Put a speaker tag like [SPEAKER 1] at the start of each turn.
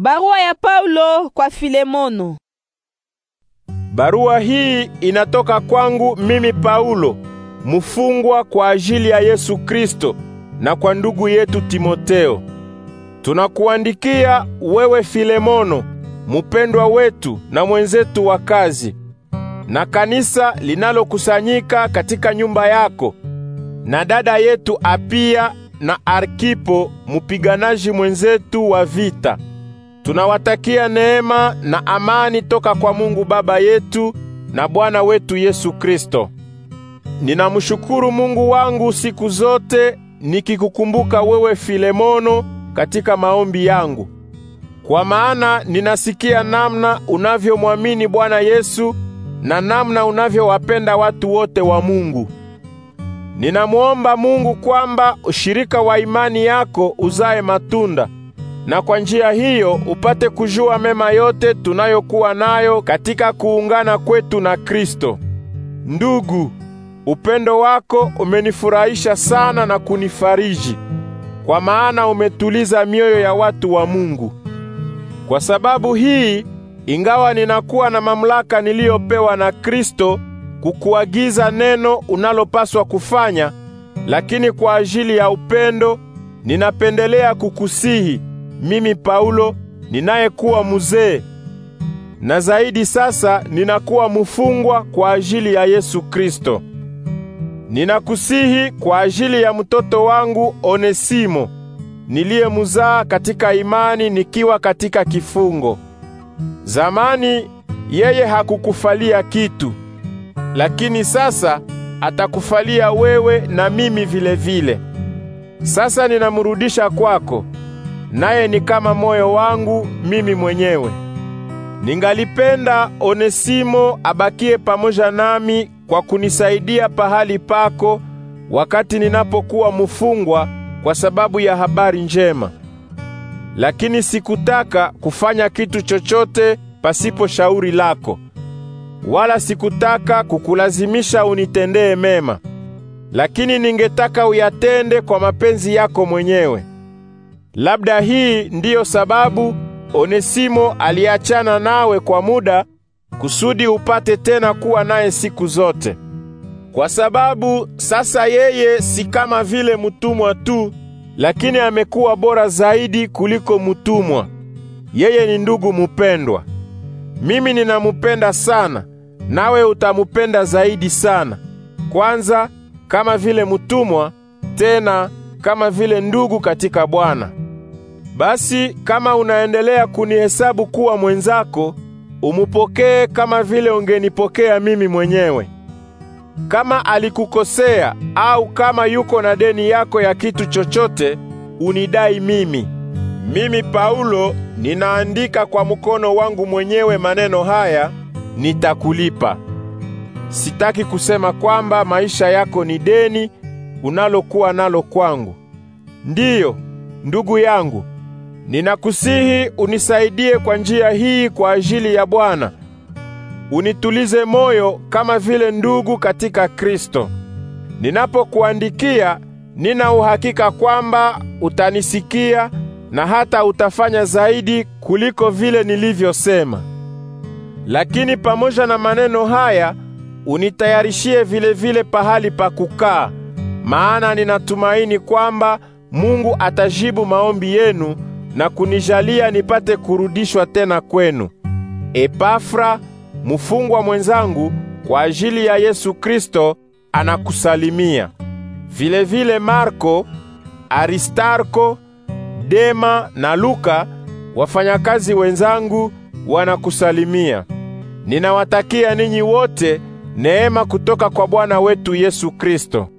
[SPEAKER 1] Barua ya Paulo kwa Filemono. Barua hii inatoka kwangu mimi Paulo, mfungwa kwa ajili ya Yesu Kristo na kwa ndugu yetu Timoteo. Tunakuandikia wewe Filemono, mupendwa wetu na mwenzetu wa kazi, na kanisa linalokusanyika katika nyumba yako, na dada yetu Apia na Arkipo, mupiganaji mwenzetu wa vita. Tunawatakia neema na amani toka kwa Mungu Baba yetu na Bwana wetu Yesu Kristo. Ninamshukuru Mungu wangu siku zote nikikukumbuka wewe Filemono katika maombi yangu. Kwa maana ninasikia namna unavyomwamini Bwana Yesu na namna unavyowapenda watu wote wa Mungu. Ninamwomba Mungu kwamba ushirika wa imani yako uzae matunda na kwa njia hiyo upate kujua mema yote tunayokuwa nayo katika kuungana kwetu na Kristo. Ndugu, upendo wako umenifurahisha sana na kunifariji, kwa maana umetuliza mioyo ya watu wa Mungu. Kwa sababu hii, ingawa ninakuwa na mamlaka niliyopewa na Kristo kukuagiza neno unalopaswa kufanya, lakini kwa ajili ya upendo ninapendelea kukusihi mimi Paulo ninayekuwa mzee na zaidi sasa ninakuwa mfungwa kwa ajili ya Yesu Kristo. Ninakusihi kwa ajili ya mtoto wangu Onesimo niliyemuzaa katika imani nikiwa katika kifungo. Zamani yeye hakukufalia kitu, lakini sasa atakufalia wewe na mimi vilevile vile. Sasa ninamrudisha kwako naye ni kama moyo wangu mimi mwenyewe. Ningalipenda Onesimo abakie pamoja nami kwa kunisaidia pahali pako wakati ninapokuwa mfungwa kwa sababu ya habari njema. Lakini sikutaka kufanya kitu chochote pasipo shauri lako. Wala sikutaka kukulazimisha unitendee mema. Lakini ningetaka uyatende kwa mapenzi yako mwenyewe. Labda hii ndiyo sababu Onesimo aliachana nawe kwa muda kusudi upate tena kuwa naye siku zote. Kwa sababu sasa yeye si kama vile mtumwa tu, lakini amekuwa bora zaidi kuliko mtumwa. Yeye ni ndugu mupendwa. Mimi ninamupenda sana, nawe utamupenda zaidi sana. Kwanza kama vile mtumwa, tena kama vile ndugu katika Bwana. Basi kama unaendelea kunihesabu kuwa mwenzako, umupokee kama vile ungenipokea mimi mwenyewe. Kama alikukosea au kama yuko na deni yako ya kitu chochote, unidai mimi. Mimi Paulo ninaandika kwa mkono wangu mwenyewe maneno haya, nitakulipa. Sitaki kusema kwamba maisha yako ni deni unalokuwa nalo kwangu. Ndiyo, ndugu yangu, Ninakusihi unisaidie kwa njia hii kwa ajili ya Bwana. Unitulize moyo kama vile ndugu katika Kristo. Ninapokuandikia, nina uhakika kwamba utanisikia na hata utafanya zaidi kuliko vile nilivyosema. Lakini pamoja na maneno haya, unitayarishie vile vile pahali pa kukaa, maana ninatumaini kwamba Mungu atajibu maombi yenu na kunijalia nipate kurudishwa tena kwenu. Epafra, mfungwa mwenzangu kwa ajili ya Yesu Kristo, anakusalimia. vile vile Marko, Aristarko, Dema na Luka, wafanyakazi wenzangu, wanakusalimia. Ninawatakia ninyi wote neema kutoka kwa Bwana wetu Yesu Kristo.